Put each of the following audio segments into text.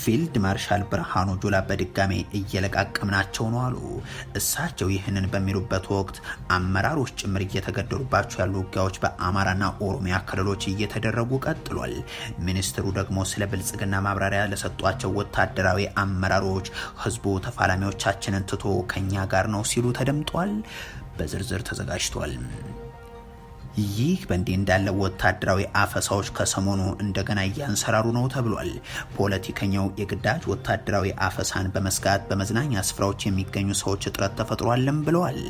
ፊልድ ማርሻል ብርሃኑ ጁላ በድጋሜ እየለቃቀምናቸው ነው አሉ። እሳቸው ይህንን በሚሉበት ወቅት አመራሮች ጭምር እየተገደሉባቸው ያሉ ውጊያዎች በአማራና ኦሮሚያ ክልሎች እየተደረጉ ቀጥሏል። ሚኒስትሩ ደግሞ ስለ ብልጽግና ማብራሪያ ለሰጧቸው ወታደራዊ አመራሮች ህዝቡ ተፋላሚዎቻችንን ትቶ ከኛ ጋር ነው ሲሉ ተደምጧል። በዝርዝር ተዘጋጅቷል። ይህ በእንዲህ እንዳለ ወታደራዊ አፈሳዎች ከሰሞኑ እንደገና እያንሰራሩ ነው ተብሏል። ፖለቲከኛው የግዳጅ ወታደራዊ አፈሳን በመስጋት በመዝናኛ ስፍራዎች የሚገኙ ሰዎች እጥረት ተፈጥሯልም ብለዋል።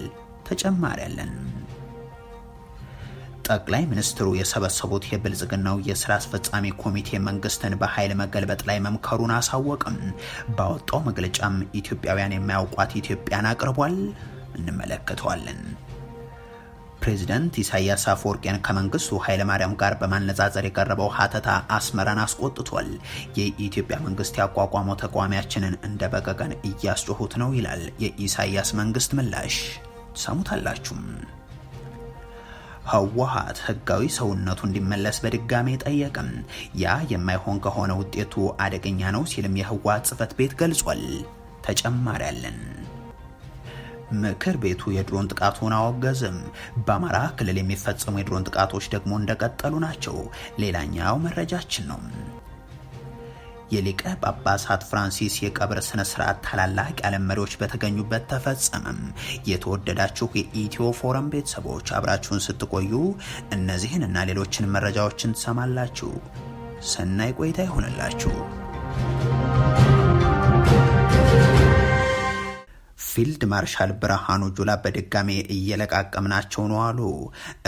ተጨማሪ ያለን ጠቅላይ ሚኒስትሩ የሰበሰቡት የብልጽግናው የስራ አስፈጻሚ ኮሚቴ መንግስትን በኃይል መገልበጥ ላይ መምከሩን አሳወቅም። ባወጣው መግለጫም ኢትዮጵያውያን የማያውቋት ኢትዮጵያን አቅርቧል። እንመለከተዋለን። ፕሬዚደንት ኢሳያስ አፈወርቄን ከመንግስቱ ኃይለማርያም ጋር በማነጻጸር የቀረበው ሀተታ አስመራን አስቆጥቷል። የኢትዮጵያ መንግስት ያቋቋመው ተቃዋሚያችንን እንደ በቀቀን እያስጮሁት ነው ይላል የኢሳያስ መንግስት ምላሽ። ሰሙታላችሁም። ህወሓት ህጋዊ ሰውነቱ እንዲመለስ በድጋሜ ጠየቅም። ያ የማይሆን ከሆነ ውጤቱ አደገኛ ነው ሲልም የህወሓት ጽህፈት ቤት ገልጿል። ተጨማሪ አለን። ምክር ቤቱ የድሮን ጥቃቱን አወገዝም። በአማራ ክልል የሚፈጸሙ የድሮን ጥቃቶች ደግሞ እንደቀጠሉ ናቸው። ሌላኛው መረጃችን ነው። የሊቀ ጳጳሳት ፍራንሲስ የቀብር ስነ ስርዓት ታላላቅ የዓለም መሪዎች በተገኙበት ተፈጸመም። የተወደዳችሁ የኢትዮ ፎረም ቤተሰቦች አብራችሁን ስትቆዩ እነዚህን እና ሌሎችን መረጃዎችን ትሰማላችሁ። ሰናይ ቆይታ ይሆንላችሁ። ፊልድ ማርሻል ብርሃኑ ጁላ በድጋሜ እየለቃቀምናቸው ነው አሉ።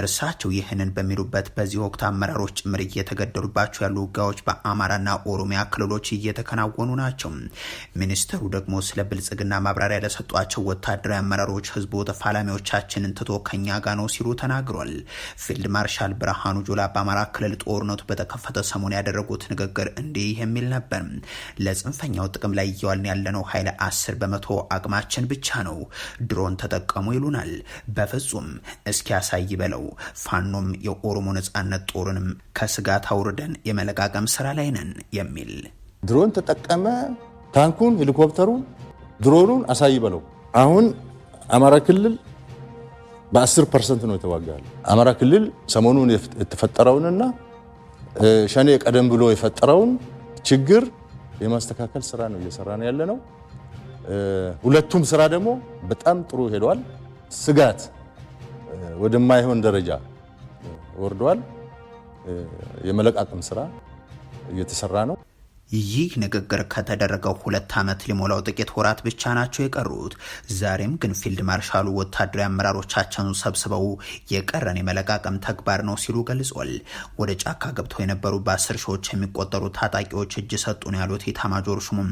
እርሳቸው ይህንን በሚሉበት በዚህ ወቅት አመራሮች ጭምር እየተገደሉባቸው ያሉ ውጊያዎች በአማራና ኦሮሚያ ክልሎች እየተከናወኑ ናቸው። ሚኒስተሩ ደግሞ ስለ ብልጽግና ማብራሪያ ለሰጧቸው ወታደራዊ አመራሮች ህዝቡ ተፋላሚዎቻችንን ትቶ ከኛ ጋ ነው ሲሉ ተናግሯል። ፊልድ ማርሻል ብርሃኑ ጁላ በአማራ ክልል ጦርነቱ በተከፈተ ሰሞን ያደረጉት ንግግር እንዲህ የሚል ነበር። ለጽንፈኛው ጥቅም ላይ እየዋልን ያለነው ኃይል አስር በመቶ አቅማችን ብቻ ነው ድሮን ተጠቀሙ ይሉናል። በፍጹም እስኪያሳይ በለው። ፋኖም የኦሮሞ ነጻነት ጦርንም ከስጋት አውርደን የመለቃቀም ስራ ላይ ነን የሚል ድሮን ተጠቀመ፣ ታንኩን፣ ሄሊኮፕተሩን፣ ድሮኑን አሳይ በለው። አሁን አማራ ክልል በ10 ፐርሰንት ነው የተዋጋል። አማራ ክልል ሰሞኑን የተፈጠረውንና ሸኔ ቀደም ብሎ የፈጠረውን ችግር የማስተካከል ስራ ነው እየሰራ ነው ያለ ነው። ሁለቱም ስራ ደግሞ በጣም ጥሩ ሄደዋል። ስጋት ወደማይሆን ደረጃ ወርደዋል። የመለቃቅም ስራ እየተሰራ ነው። ይህ ንግግር ከተደረገው ሁለት ዓመት ሊሞላው ጥቂት ወራት ብቻ ናቸው የቀሩት። ዛሬም ግን ፊልድ ማርሻሉ ወታደራዊ አመራሮቻቸውን ሰብስበው የቀረን የመለቃቀም ተግባር ነው ሲሉ ገልጿል። ወደ ጫካ ገብተው የነበሩ በአስር ሺዎች የሚቆጠሩ ታጣቂዎች እጅ ሰጡን ያሉት ኢታማጆር ሹሙም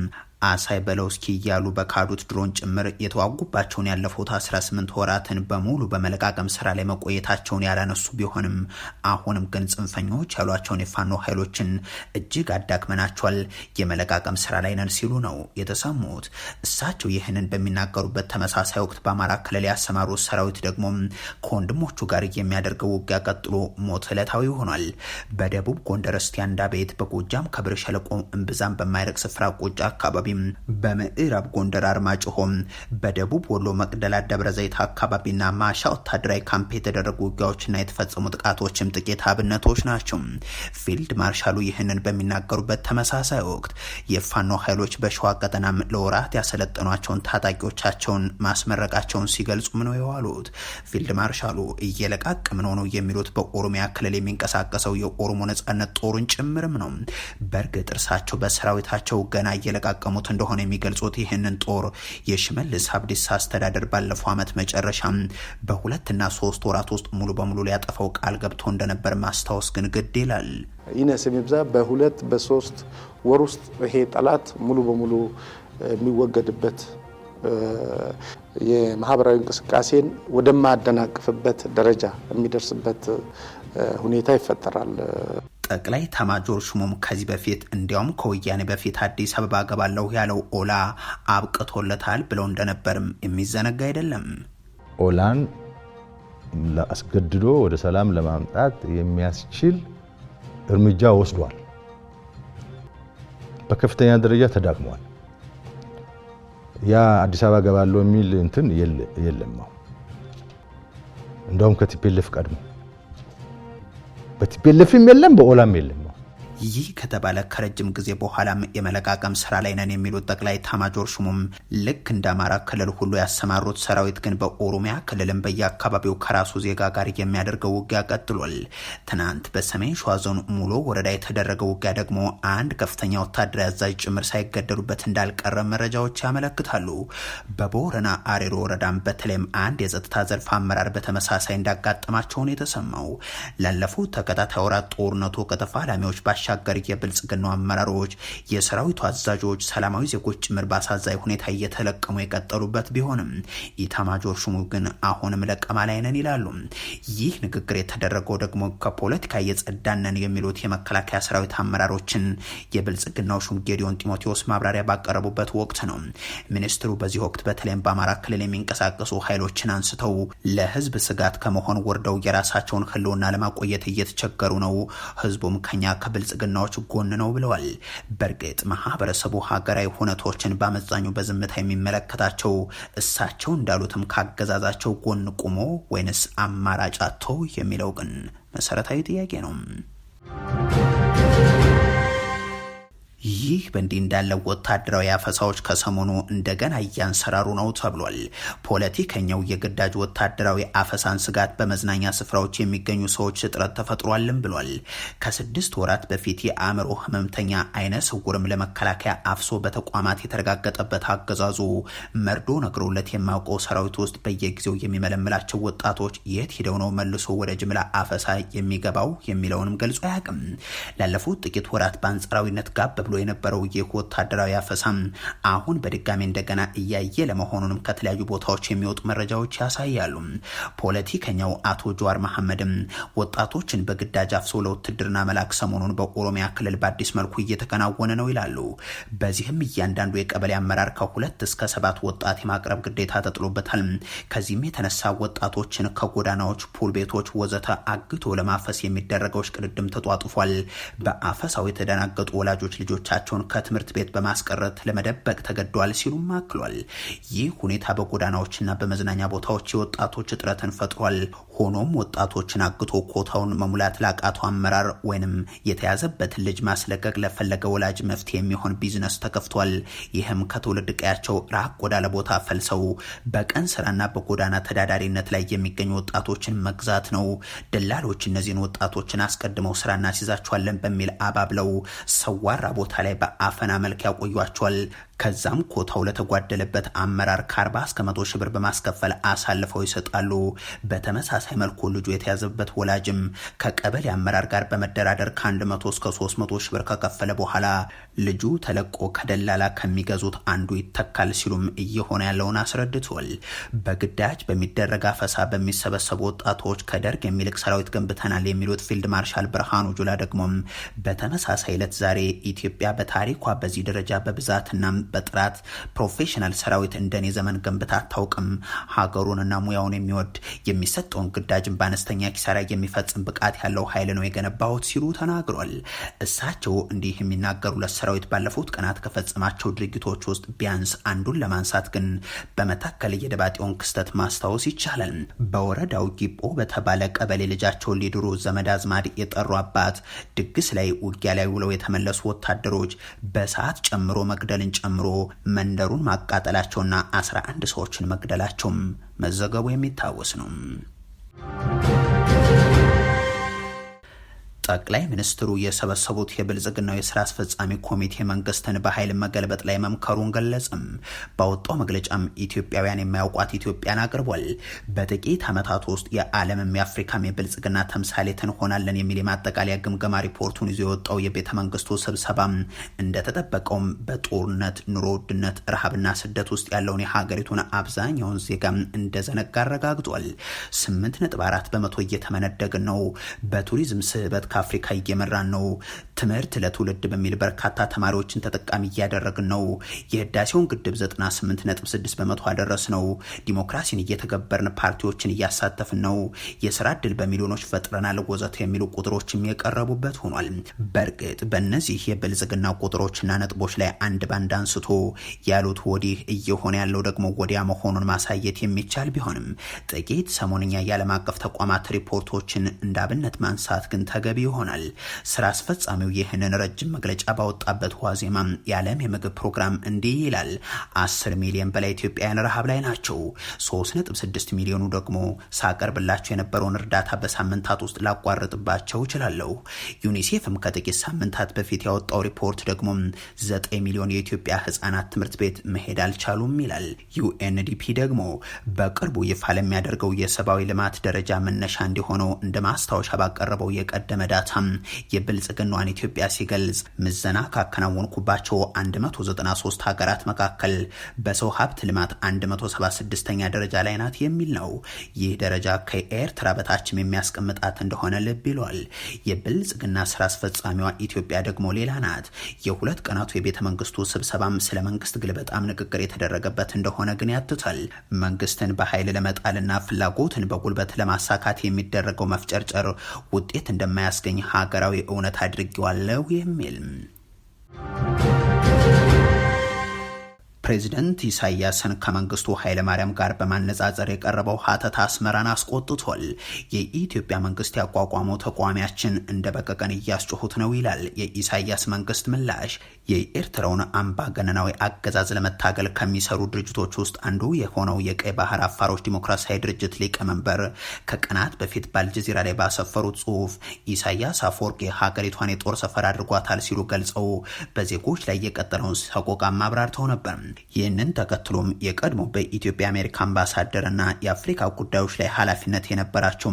አሳይ በለው እስኪ እያሉ በካዱት ድሮን ጭምር የተዋጉባቸውን ያለፉት 18 ወራትን በሙሉ በመለቃቀም ስራ ላይ መቆየታቸውን ያላነሱ ቢሆንም አሁንም ግን ጽንፈኞች ያሏቸውን የፋኖ ኃይሎችን እጅግ አዳክመናቸዋል፣ የመለቃቀም ስራ ላይ ነን ሲሉ ነው የተሰሙት። እሳቸው ይህንን በሚናገሩበት ተመሳሳይ ወቅት በአማራ ክልል ያሰማሩት ሰራዊት ደግሞ ከወንድሞቹ ጋር የሚያደርገው ውጊያ ቀጥሎ ሞት ዕለታዊ ሆኗል። በደቡብ ጎንደር እስቴ አንዳቤት፣ በጎጃም ከብር ሸለቆ እምብዛም በማይረቅ ስፍራ ቁጭ አካባቢ አካባቢም፣ በምዕራብ ጎንደር አርማጭሆም፣ በደቡብ ወሎ መቅደላ ደብረ ዘይት አካባቢና ማሻ ወታደራዊ ካምፕ የተደረጉ ውጊያዎችና የተፈጸሙ ጥቃቶችም ጥቂት አብነቶች ናቸው። ፊልድ ማርሻሉ ይህንን በሚናገሩበት ተመሳሳይ ወቅት የፋኖ ኃይሎች በሸዋ ቀጠናም ለወራት ያሰለጠኗቸውን ታጣቂዎቻቸውን ማስመረቃቸውን ሲገልጹ ነው የዋሉት። ፊልድ ማርሻሉ እየለቃቅም ነው ነው የሚሉት በኦሮሚያ ክልል የሚንቀሳቀሰው የኦሮሞ ነጻነት ጦሩን ጭምርም ነው። በእርግጥ እርሳቸው በሰራዊታቸው ገና እየለቃቀሙ እየተጠቀሙት እንደሆነ የሚገልጹት ይህንን ጦር የሽመልስ አብዲሳ አስተዳደር ባለፈው ዓመት መጨረሻ በሁለትና ሶስት ወራት ውስጥ ሙሉ በሙሉ ሊያጠፋው ቃል ገብቶ እንደነበር ማስታወስ ግን ግድ ይላል። ይነስ የሚብዛ በሁለት በሶስት ወር ውስጥ ይሄ ጠላት ሙሉ በሙሉ የሚወገድበት የማህበራዊ እንቅስቃሴን ወደማያደናቅፍበት ደረጃ የሚደርስበት ሁኔታ ይፈጠራል። ጠቅላይ ኤታማዦር ሹሙም ከዚህ በፊት እንዲያውም ከወያኔ በፊት አዲስ አበባ ገባለሁ ያለው ኦላ አብቅቶለታል ብለው እንደነበርም የሚዘነጋ አይደለም። ኦላን አስገድዶ ወደ ሰላም ለማምጣት የሚያስችል እርምጃ ወስዷል። በከፍተኛ ደረጃ ተዳክሟል። ያ አዲስ አበባ ገባለሁ የሚል እንትን የለም። እንደውም ከቲፒኤልኤፍ ቀድሞ በቲፒኤልኤፍም የለም በኦላም የለም። ይህ ከተባለ ከረጅም ጊዜ በኋላም የመለቃቀም ስራ ላይ ነን የሚሉት ጠቅላይ ታማጆር ሹሙም ልክ እንደ አማራ ክልል ሁሉ ያሰማሩት ሰራዊት ግን በኦሮሚያ ክልልም በየአካባቢው ከራሱ ዜጋ ጋር የሚያደርገው ውጊያ ቀጥሏል። ትናንት በሰሜን ሸዋ ዞን ሙሎ ወረዳ የተደረገው ውጊያ ደግሞ አንድ ከፍተኛ ወታደራዊ አዛዥ ጭምር ሳይገደሉበት እንዳልቀረ መረጃዎች ያመለክታሉ። በቦረና አሬሮ ወረዳም በተለይም አንድ የጸጥታ ዘርፍ አመራር በተመሳሳይ እንዳጋጠማቸውን የተሰማው ላለፉት ተከታታይ ወራት ጦርነቱ ከተፋላሚዎች ባሻ ባሻገር የብልጽግናው አመራሮች፣ የሰራዊቱ አዛዦች፣ ሰላማዊ ዜጎች ጭምር በአሳዛኝ ሁኔታ እየተለቀሙ የቀጠሉበት ቢሆንም ኢታማጆር ሹሙ ግን አሁንም ለቀማ ላይ ነን ይላሉ። ይህ ንግግር የተደረገው ደግሞ ከፖለቲካ እየጸዳነን የሚሉት የመከላከያ ሰራዊት አመራሮችን የብልጽግናው ሹም ጌዲዮን ጢሞቴዎስ ማብራሪያ ባቀረቡበት ወቅት ነው። ሚኒስትሩ በዚህ ወቅት በተለይም በአማራ ክልል የሚንቀሳቀሱ ኃይሎችን አንስተው ለህዝብ ስጋት ከመሆን ወርደው የራሳቸውን ህልውና ለማቆየት እየተቸገሩ ነው፣ ህዝቡም ከኛ ከብልጽ ብልጽግናዎች ጎን ነው ብለዋል። በእርግጥ ማህበረሰቡ ሀገራዊ ሁነቶችን በአመዛኙ በዝምታ የሚመለከታቸው እሳቸው እንዳሉትም ካገዛዛቸው ጎን ቁሞ ወይንስ አማራጭ አጥቶ የሚለው ግን መሰረታዊ ጥያቄ ነው። ይህ በእንዲህ እንዳለው ወታደራዊ አፈሳዎች ከሰሞኑ እንደገና እያንሰራሩ ነው ተብሏል። ፖለቲከኛው የግዳጅ ወታደራዊ አፈሳን ስጋት በመዝናኛ ስፍራዎች የሚገኙ ሰዎች እጥረት ተፈጥሯልም ብሏል። ከስድስት ወራት በፊት የአእምሮ ህመምተኛ አይነ ስውርም ለመከላከያ አፍሶ በተቋማት የተረጋገጠበት አገዛዙ መርዶ ነግሮለት የማውቀው ሰራዊት ውስጥ በየጊዜው የሚመለምላቸው ወጣቶች የት ሂደው ነው መልሶ ወደ ጅምላ አፈሳ የሚገባው የሚለውንም ገልጾ አያውቅም። ላለፉት ጥቂት ወራት በአንጻራዊነት ጋብ ብሎ የነበረው ይህ ወታደራዊ አፈሳም አሁን በድጋሚ እንደገና እያየ ለመሆኑንም ከተለያዩ ቦታዎች የሚወጡ መረጃዎች ያሳያሉ። ፖለቲከኛው አቶ ጀዋር መሐመድም ወጣቶችን በግዳጅ አፍሰው ለውትድርና መላክ ሰሞኑን በኦሮሚያ ክልል በአዲስ መልኩ እየተከናወነ ነው ይላሉ። በዚህም እያንዳንዱ የቀበሌ አመራር ከሁለት እስከ ሰባት ወጣት የማቅረብ ግዴታ ተጥሎበታል። ከዚህም የተነሳ ወጣቶችን ከጎዳናዎች፣ ፑል ቤቶች ወዘተ አግቶ ለማፈስ የሚደረገው ሽቅድድም ተጧጥፏል። በአፈሳው የተደናገጡ ወላጆች ልጆች ልጆቻቸውን ከትምህርት ቤት በማስቀረት ለመደበቅ ተገደዋል ሲሉም አክሏል። ይህ ሁኔታ በጎዳናዎችና በመዝናኛ ቦታዎች የወጣቶች እጥረትን ፈጥሯል። ሆኖም ወጣቶችን አግቶ ኮታውን መሙላት ላቃተው አመራር ወይንም የተያዘበትን ልጅ ማስለቀቅ ለፈለገ ወላጅ መፍትሄ የሚሆን ቢዝነስ ተከፍቷል። ይህም ከትውልድ ቀያቸው ራቅ ወዳለ ቦታ ፈልሰው በቀን ስራና በጎዳና ተዳዳሪነት ላይ የሚገኙ ወጣቶችን መግዛት ነው። ደላሎች እነዚህን ወጣቶችን አስቀድመው ስራ እናስይዛቸዋለን በሚል አባብለው ሰዋራ ቦታ ቦታ ላይ በአፈና መልክ ያቆያቸዋል ከዛም ኮታው ለተጓደለበት አመራር ከአርባ እስከ 100 ሺህ ብር በማስከፈል አሳልፈው ይሰጣሉ። በተመሳሳይ መልኩ ልጁ የተያዘበት ወላጅም ከቀበሌ አመራር ጋር በመደራደር ከ መቶ እስከ 300 መቶ ሺህ ብር ከከፈለ በኋላ ልጁ ተለቆ ከደላላ ከሚገዙት አንዱ ይተካል ሲሉም እየሆነ ያለውን አስረድቷል። በግዳጅ በሚደረግ አፈሳ በሚሰበሰቡ ወጣቶች ከደርግ የሚልቅ ሰራዊት ገንብተናል የሚሉት ፊልድ ማርሻል ብርሃኑ ጁላ ደግሞም በተመሳሳይ ዕለት ዛሬ ኢትዮጵያ በታሪኳ በዚህ ደረጃ በብዛትና በጥራት ፕሮፌሽናል ሰራዊት እንደኔ ዘመን ገንብታ አታውቅም። ሀገሩንና ሙያውን የሚወድ የሚሰጠውን ግዳጅን በአነስተኛ ኪሳራ የሚፈጽም ብቃት ያለው ኃይል ነው የገነባሁት ሲሉ ተናግሯል። እሳቸው እንዲህ የሚናገሩለት ሰራዊት ባለፉት ቀናት ከፈጸማቸው ድርጊቶች ውስጥ ቢያንስ አንዱን ለማንሳት ግን በመታከል የደባጤውን ክስተት ማስታወስ ይቻላል። በወረዳው ጊቦ በተባለ ቀበሌ ልጃቸውን ሊድሩ ዘመድ አዝማድ የጠሩ አባት ድግስ ላይ ውጊያ ላይ ውለው የተመለሱ ወታደሮች በሰዓት ጨምሮ መግደልን ጨምሮ ጨምሮ መንደሩን ማቃጠላቸውና 11 ሰዎችን መግደላቸውም መዘገቡ የሚታወስ ነው። ጠቅላይ ሚኒስትሩ የሰበሰቡት የብልጽግናው የስራ አስፈጻሚ ኮሚቴ መንግስትን በኃይል መገልበጥ ላይ መምከሩን ገለጽም። በወጣው መግለጫም ኢትዮጵያውያን የማያውቋት ኢትዮጵያን አቅርቧል። በጥቂት ዓመታት ውስጥ የዓለምም የአፍሪካም የብልጽግና ተምሳሌት እንሆናለን የሚል የማጠቃለያ ግምገማ ሪፖርቱን ይዞ የወጣው የቤተ መንግስቱ ስብሰባ እንደተጠበቀውም በጦርነት ኑሮ ውድነት፣ ረሃብና ስደት ውስጥ ያለውን የሀገሪቱን አብዛኛውን ዜጋ እንደዘነጋ አረጋግጧል። 8.4 በመቶ እየተመነደግ ነው። በቱሪዝም ስህበት አፍሪካ እየመራን ነው። ትምህርት ለትውልድ በሚል በርካታ ተማሪዎችን ተጠቃሚ እያደረግን ነው። የህዳሴውን ግድብ 98.6 በመቶ አደረስ ነው። ዲሞክራሲን እየተገበርን ፓርቲዎችን እያሳተፍን ነው። የስራ እድል በሚሊዮኖች ፈጥረናል፣ ወዘተ የሚሉ ቁጥሮችም የቀረቡበት ሆኗል። በእርግጥ በእነዚህ የብልጽግና ቁጥሮችና ነጥቦች ላይ አንድ ባንድ አንስቶ ያሉት ወዲህ እየሆነ ያለው ደግሞ ወዲያ መሆኑን ማሳየት የሚቻል ቢሆንም ጥቂት ሰሞንኛ የዓለም አቀፍ ተቋማት ሪፖርቶችን እንዳብነት ማንሳት ግን ተገቢ ይሆናል። ስራ አስፈጻሚው ይህንን ረጅም መግለጫ ባወጣበት ዋዜማ የዓለም የምግብ ፕሮግራም እንዲህ ይላል። 10 ሚሊዮን በላይ ኢትዮጵያውያን ረሃብ ላይ ናቸው። 3.6 ሚሊዮኑ ደግሞ ሳቀርብላቸው የነበረውን እርዳታ በሳምንታት ውስጥ ላቋርጥባቸው እችላለሁ። ዩኒሴፍም ከጥቂት ሳምንታት በፊት ያወጣው ሪፖርት ደግሞ 9 ሚሊዮን የኢትዮጵያ ህጻናት ትምህርት ቤት መሄድ አልቻሉም ይላል። ዩኤንዲፒ ደግሞ በቅርቡ ይፋ ለሚያደርገው የሰብአዊ ልማት ደረጃ መነሻ እንዲሆነው እንደ ማስታወሻ ባቀረበው የቀደመ እርዳታ የብልጽግናዋን ኢትዮጵያ ሲገልጽ ምዘና ካከናወንኩባቸው 193 ሀገራት መካከል በሰው ሀብት ልማት 176ኛ ደረጃ ላይ ናት የሚል ነው። ይህ ደረጃ ከኤርትራ በታችም የሚያስቀምጣት እንደሆነ ልብ ይሏል። የብልጽግና ስራ አስፈጻሚዋ ኢትዮጵያ ደግሞ ሌላ ናት። የሁለት ቀናቱ የቤተ መንግስቱ ስብሰባም ስለ መንግስት ግልበጣም ንግግር የተደረገበት እንደሆነ ግን ያትታል። መንግስትን በኃይል ለመጣልና ፍላጎትን በጉልበት ለማሳካት የሚደረገው መፍጨርጨር ውጤት እንደማያስ የሚያስገኝ ሀገራዊ እውነት አድርጌዋለሁ የሚል ፕሬዚደንት ኢሳያስን ከመንግስቱ ኃይለማርያም ጋር በማነጻጸር የቀረበው ሀተት አስመራን አስቆጥቷል። የኢትዮጵያ መንግስት ያቋቋመው ተቋሚያችን እንደ በቀቀን እያስጮሁት ነው ይላል የኢሳያስ መንግስት ምላሽ። የኤርትራውን አምባገነናዊ አገዛዝ ለመታገል ከሚሰሩ ድርጅቶች ውስጥ አንዱ የሆነው የቀይ ባህር አፋሮች ዲሞክራሲያዊ ድርጅት ሊቀመንበር ከቀናት በፊት በአልጀዚራ ላይ ባሰፈሩት ጽሁፍ ኢሳያስ አፈወርቂ ሀገሪቷን የጦር ሰፈር አድርጓታል ሲሉ ገልጸው በዜጎች ላይ የቀጠለውን ሰቆቃ አብራርተው ነበር። ይህንን ተከትሎም የቀድሞ በኢትዮጵያ አሜሪካ አምባሳደር የአፍሪካ ጉዳዮች ላይ ኃላፊነት የነበራቸው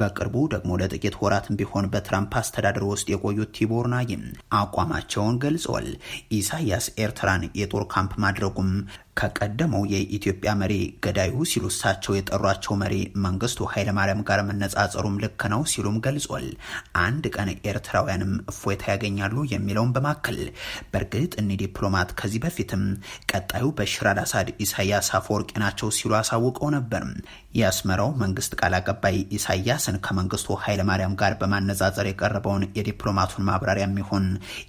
በቅርቡ ደግሞ ለጥቂት ወራትም ቢሆን በትራምፕ አስተዳደር ውስጥ የቆዩት ቲቦር ናጊ አቋማቸውን ገልጸዋል። ኢሳያስ ኤርትራን የጦር ካምፕ ማድረጉም ከቀደመው የኢትዮጵያ መሪ ገዳዩ ሲሉ እሳቸው የጠሯቸው መሪ መንግስቱ ኃይለማርያም ጋር መነጻጸሩም ልክ ነው ሲሉም ገልጿል። አንድ ቀን ኤርትራውያንም እፎይታ ያገኛሉ የሚለውን በማከል በእርግጥ እኒ ዲፕሎማት ከዚህ በፊትም ቀጣዩ በሽር አላሳድ ኢሳያስ አፈወርቂ ናቸው ሲሉ አሳውቀው ነበር። የአስመራው መንግስት ቃል አቀባይ ኢሳያስን ከመንግስቱ ኃይለማርያም ጋር በማነጻጸር የቀረበውን የዲፕሎማቱን ማብራሪያ የሚሆን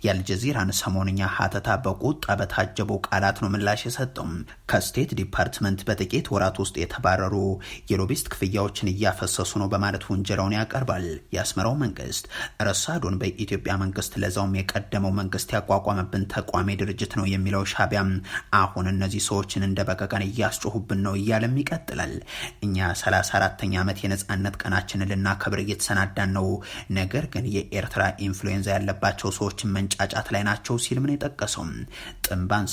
የአልጀዚራን ሰሞንኛ ሀተታ በቁጣ በታጀቡ ቃላት ነው ምላሽ የሰጠው። ከስቴት ዲፓርትመንት በጥቂት ወራት ውስጥ የተባረሩ የሎቢስት ክፍያዎችን እያፈሰሱ ነው በማለት ውንጀላውን ያቀርባል። የአስመራው መንግስት ረሳዶን በኢትዮጵያ መንግስት ለዛውም የቀደመው መንግስት ያቋቋመብን ተቋሚ ድርጅት ነው የሚለው ሻቢያም አሁን እነዚህ ሰዎችን እንደ በቀቀን እያስጮሁብን ነው እያለም ይቀጥላል። እኛ 34ተኛ ዓመት የነጻነት ቀናችንን ልናከብር እየተሰናዳን ነው፣ ነገር ግን የኤርትራ ኢንፍሉዌንዛ ያለባቸው ሰዎችን መንጫጫት ላይ ናቸው ሲል ምን የጠቀሰው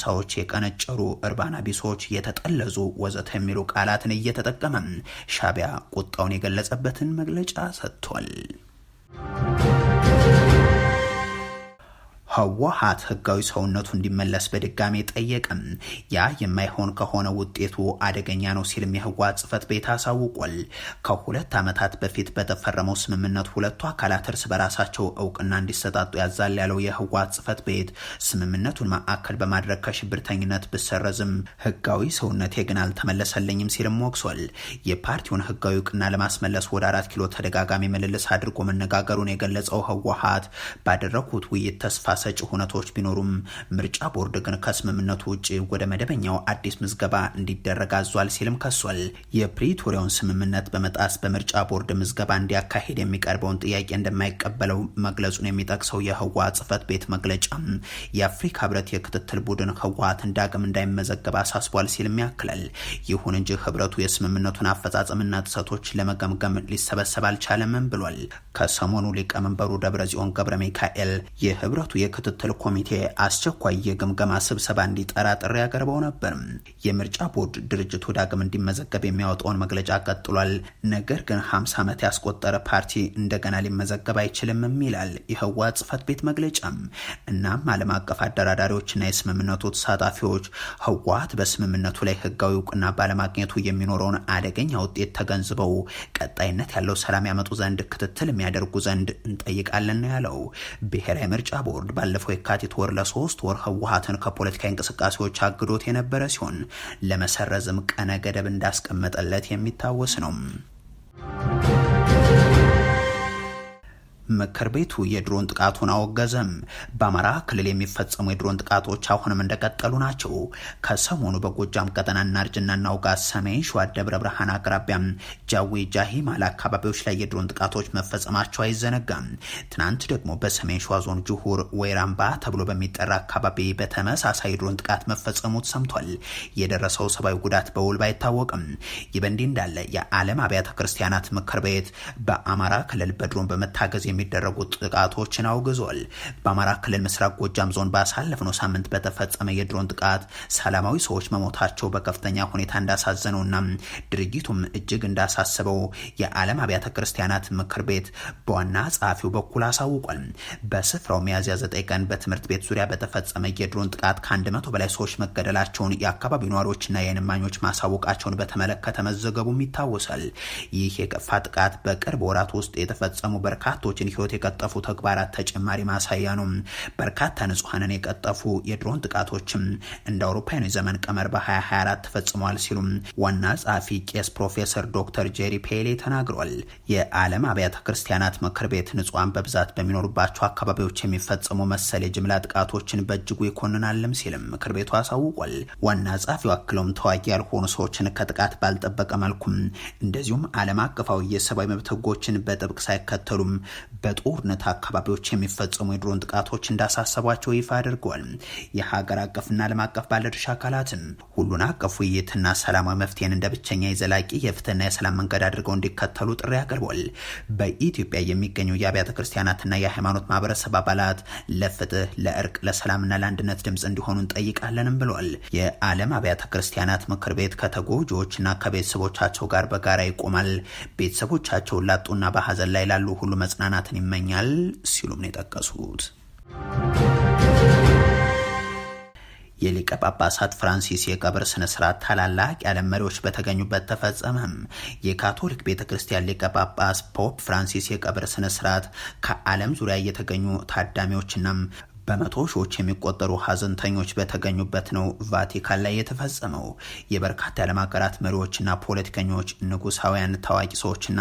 ሰዎች የቀነጨሩ እርባና ቢሶች፣ የተጠለዙ ወዘተ የሚሉ ቃላትን እየተጠቀመም ሻቢያ ቁጣውን የገለጸበትን መግለጫ ሰጥቷል። ህወሀት ህጋዊ ሰውነቱ እንዲመለስ በድጋሜ ጠየቅም። ያ የማይሆን ከሆነ ውጤቱ አደገኛ ነው ሲልም የህወሓት ጽህፈት ቤት አሳውቋል። ከሁለት ዓመታት በፊት በተፈረመው ስምምነት ሁለቱ አካላት እርስ በራሳቸው እውቅና እንዲሰጣጡ ያዛል ያለው የህወሓት ጽህፈት ቤት ስምምነቱን ማዕከል በማድረግ ከሽብርተኝነት ብሰረዝም ህጋዊ ሰውነቴ ግን አልተመለሰለኝም ሲልም ወቅሷል። የፓርቲውን ህጋዊ እውቅና ለማስመለስ ወደ አራት ኪሎ ተደጋጋሚ ምልልስ አድርጎ መነጋገሩን የገለጸው ህወሀት ባደረኩት ውይይት ተስፋ ሰጪ ሁነቶች ቢኖሩም ምርጫ ቦርድ ግን ከስምምነቱ ውጭ ወደ መደበኛው አዲስ ምዝገባ እንዲደረግ አዟል ሲልም ከሷል። የፕሪቶሪያውን ስምምነት በመጣስ በምርጫ ቦርድ ምዝገባ እንዲያካሄድ የሚቀርበውን ጥያቄ እንደማይቀበለው መግለጹን የሚጠቅሰው የህዋ ጽህፈት ቤት መግለጫ የአፍሪካ ህብረት የክትትል ቡድን ህወሓትን ዳግም እንዳይመዘገብ አሳስቧል ሲልም ያክላል። ይሁን እንጂ ህብረቱ የስምምነቱን አፈጻጸምና ጥሰቶች ለመገምገም ሊሰበሰብ አልቻለምም ብሏል። ከሰሞኑ ሊቀመንበሩ ደብረ ጽዮን ገብረ ሚካኤል የህብረቱ የክትትል ኮሚቴ አስቸኳይ የግምገማ ስብሰባ እንዲጠራ ጥሪ ያቀርበው ነበር። የምርጫ ቦርድ ድርጅቱ ዳግም እንዲመዘገብ የሚያወጣውን መግለጫ ቀጥሏል። ነገር ግን 50 ዓመት ያስቆጠረ ፓርቲ እንደገና ሊመዘገብ አይችልም ይላል የህዋ ጽህፈት ቤት መግለጫ። እናም ዓለም አቀፍ አደራዳሪዎችና የስምምነቱ ተሳታፊዎች ህወሓት በስምምነቱ ላይ ህጋዊ እውቅና ባለማግኘቱ የሚኖረውን አደገኛ ውጤት ተገንዝበው ቀጣይነት ያለው ሰላም ያመጡ ዘንድ ክትትል የሚያደርጉ ዘንድ እንጠይቃለን ነው ያለው ብሔራዊ ምርጫ ቦርድ ባለፈው የካቲት ወር ለሶስት ወር ህወሀትን ከፖለቲካዊ እንቅስቃሴዎች አግዶት የነበረ ሲሆን ለመሰረዝም ቀነ ገደብ እንዳስቀመጠለት የሚታወስ ነው። ምክር ቤቱ የድሮን ጥቃቱን አወገዘም። በአማራ ክልል የሚፈጸሙ የድሮን ጥቃቶች አሁንም እንደቀጠሉ ናቸው። ከሰሞኑ በጎጃም ቀጠና እናርጅና እናውጋ፣ ሰሜን ሸዋ ደብረ ብርሃን አቅራቢያም ጃዊ ማል አካባቢዎች ላይ የድሮን ጥቃቶች መፈጸማቸው አይዘነጋም። ትናንት ደግሞ በሰሜን ሸዋ ዞን ጅሁር ወይራምባ ተብሎ በሚጠራ አካባቢ በተመሳሳይ የድሮን ጥቃት መፈጸሙ ተሰምቷል። የደረሰው ሰብአዊ ጉዳት በውል ባይታወቅም ይህ በእንዲህ እንዳለ የዓለም አብያተ ክርስቲያናት ምክር ቤት በአማራ ክልል በድሮን በመታገዝ የሚደረጉ ጥቃቶችን አውግዟል። በአማራ ክልል ምስራቅ ጎጃም ዞን ባሳለፍነው ሳምንት በተፈጸመ የድሮን ጥቃት ሰላማዊ ሰዎች መሞታቸው በከፍተኛ ሁኔታ እንዳሳዘነውና ድርጊቱም እጅግ እንዳሳሰበው የዓለም አብያተ ክርስቲያናት ምክር ቤት በዋና ጸሐፊው በኩል አሳውቋል። በስፍራው ሚያዝያ 9 ቀን በትምህርት ቤት ዙሪያ በተፈጸመ የድሮን ጥቃት ከ100 በላይ ሰዎች መገደላቸውን የአካባቢው ነዋሪዎችና የዓይን እማኞች ማሳወቃቸውን በተመለከተ መዘገቡም ይታወሳል። ይህ የከፋ ጥቃት በቅርብ ወራት ውስጥ የተፈጸሙ በርካቶች የሰዎችን ህይወት የቀጠፉ ተግባራት ተጨማሪ ማሳያ ነው። በርካታ ንጹሐንን የቀጠፉ የድሮን ጥቃቶችም እንደ አውሮፓውያኑ የዘመን ቀመር በ2024 ተፈጽመዋል ሲሉም ዋና ጸሐፊ ቄስ ፕሮፌሰር ዶክተር ጄሪ ፔሌ ተናግረዋል። የዓለም አብያተ ክርስቲያናት ምክር ቤት ንጹሐን በብዛት በሚኖሩባቸው አካባቢዎች የሚፈጸሙ መሰል የጅምላ ጥቃቶችን በእጅጉ ይኮንናልም ሲልም ምክር ቤቱ አሳውቋል። ዋና ጸሐፊው አክለውም ተዋጊ ያልሆኑ ሰዎችን ከጥቃት ባልጠበቀ መልኩም እንደዚሁም ዓለም አቀፋዊ የሰብአዊ መብት ህጎችን በጥብቅ ሳይከተሉም በጦርነት አካባቢዎች የሚፈጸሙ የድሮን ጥቃቶች እንዳሳሰቧቸው ይፋ አድርጓል። የሀገር አቀፍና ዓለም አቀፍ ባለድርሻ አካላትም ሁሉን አቀፍ ውይይትና ሰላማዊ መፍትሄን እንደ ብቸኛ የዘላቂ የፍትህና የሰላም መንገድ አድርገው እንዲከተሉ ጥሪ አቅርቧል። በኢትዮጵያ የሚገኙ የአብያተ ክርስቲያናትና የሃይማኖት ማህበረሰብ አባላት ለፍትህ፣ ለእርቅ፣ ለሰላምና ለአንድነት ድምፅ እንዲሆኑ እንጠይቃለንም ብሏል። የዓለም አብያተ ክርስቲያናት ምክር ቤት ከተጎጂዎችና ከቤተሰቦቻቸው ጋር በጋራ ይቆማል። ቤተሰቦቻቸውን ላጡና በሀዘን ላይ ላሉ ሁሉ መጽናናት መጽናናትን ይመኛል ሲሉም ነው የጠቀሱት። የሊቀ ጳጳሳት ፍራንሲስ የቀብር ስነ ስርዓት ታላላቅ የዓለም መሪዎች በተገኙበት ተፈጸመም። የካቶሊክ ቤተ ክርስቲያን ሊቀ ጳጳስ ፖፕ ፍራንሲስ የቀብር ስነ ስርዓት ከዓለም ዙሪያ እየተገኙ ታዳሚዎችና በመቶ ሺዎች የሚቆጠሩ ሀዘንተኞች በተገኙበት ነው ቫቲካን ላይ የተፈጸመው። የበርካታ የዓለም ሀገራት መሪዎችና ፖለቲከኞች፣ ንጉሳውያን፣ ታዋቂ ሰዎችና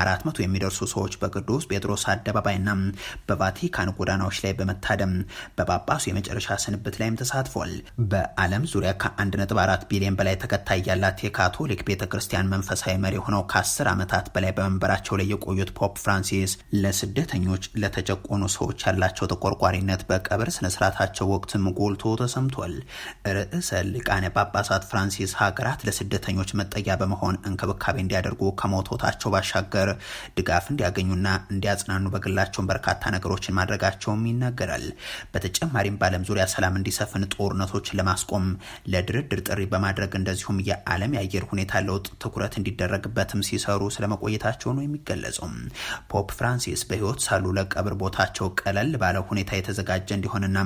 አራት መቶ የሚደርሱ ሰዎች በቅዱስ ጴጥሮስ አደባባይና በቫቲካን ጎዳናዎች ላይ በመታደም በጳጳሱ የመጨረሻ ስንብት ላይም ተሳትፏል። በዓለም ዙሪያ ከ1.4 ቢሊዮን በላይ ተከታይ ያላት የካቶሊክ ቤተ ክርስቲያን መንፈሳዊ መሪ ሆነው ከ10 ዓመታት በላይ በመንበራቸው ላይ የቆዩት ፖፕ ፍራንሲስ ለስደተኞች፣ ለተጨቆኑ ሰዎች ያላቸው ተቆርቋሪነት በ በቀብር ስነስርዓታቸው ወቅትም ጎልቶ ተሰምቷል። ርዕሰ ሊቃነ ጳጳሳት ፍራንሲስ ሀገራት ለስደተኞች መጠጊያ በመሆን እንክብካቤ እንዲያደርጉ ከመውቶታቸው ባሻገር ድጋፍ እንዲያገኙና እንዲያጽናኑ በግላቸውን በርካታ ነገሮችን ማድረጋቸውም ይነገራል። በተጨማሪም በዓለም ዙሪያ ሰላም እንዲሰፍን ጦርነቶችን ለማስቆም ለድርድር ጥሪ በማድረግ እንደዚሁም የዓለም የአየር ሁኔታ ለውጥ ትኩረት እንዲደረግበትም ሲሰሩ ስለመቆየታቸው ነው የሚገለጸው። ፖፕ ፍራንሲስ በህይወት ሳሉ ለቀብር ቦታቸው ቀለል ባለ ሁኔታ የተዘጋጀ የተዘጋጀ እንዲሆንና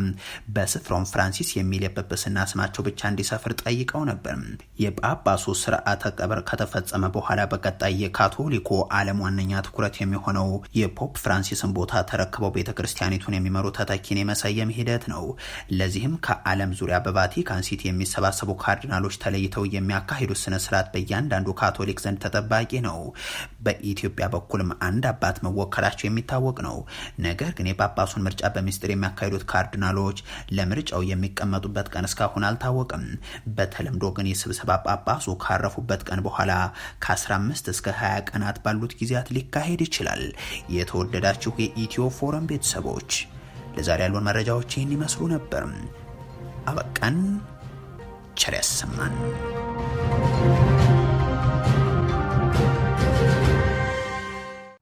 በስፍራውም ፍራንሲስ የሚል የጵጵስና ስማቸው ብቻ እንዲሰፍር ጠይቀው ነበር። የጳጳሱ ስርዓተ ቀብር ከተፈጸመ በኋላ በቀጣይ የካቶሊኮ ዓለም ዋነኛ ትኩረት የሚሆነው የፖፕ ፍራንሲስን ቦታ ተረክበው ቤተ ክርስቲያኒቱን የሚመሩ ተተኪን የመሰየም ሂደት ነው። ለዚህም ከዓለም ዙሪያ በቫቲካን ሲቲ የሚሰባሰቡ ካርዲናሎች ተለይተው የሚያካሂዱት ስነስርዓት በእያንዳንዱ ካቶሊክ ዘንድ ተጠባቂ ነው። በኢትዮጵያ በኩልም አንድ አባት መወከላቸው የሚታወቅ ነው። ነገር ግን የጳጳሱን ምርጫ በሚስጥር የሚያካሂዱ የተካሄዱት ካርዲናሎች ለምርጫው የሚቀመጡበት ቀን እስካሁን አልታወቅም። በተለምዶ ግን የስብሰባ ጳጳሱ ካረፉበት ቀን በኋላ ከ15 እስከ 20 ቀናት ባሉት ጊዜያት ሊካሄድ ይችላል። የተወደዳችሁ የኢትዮ ፎረም ቤተሰቦች ለዛሬ ያሉን መረጃዎች ይህን ይመስሉ ነበር። አበቃን። ቸር ያሰማን።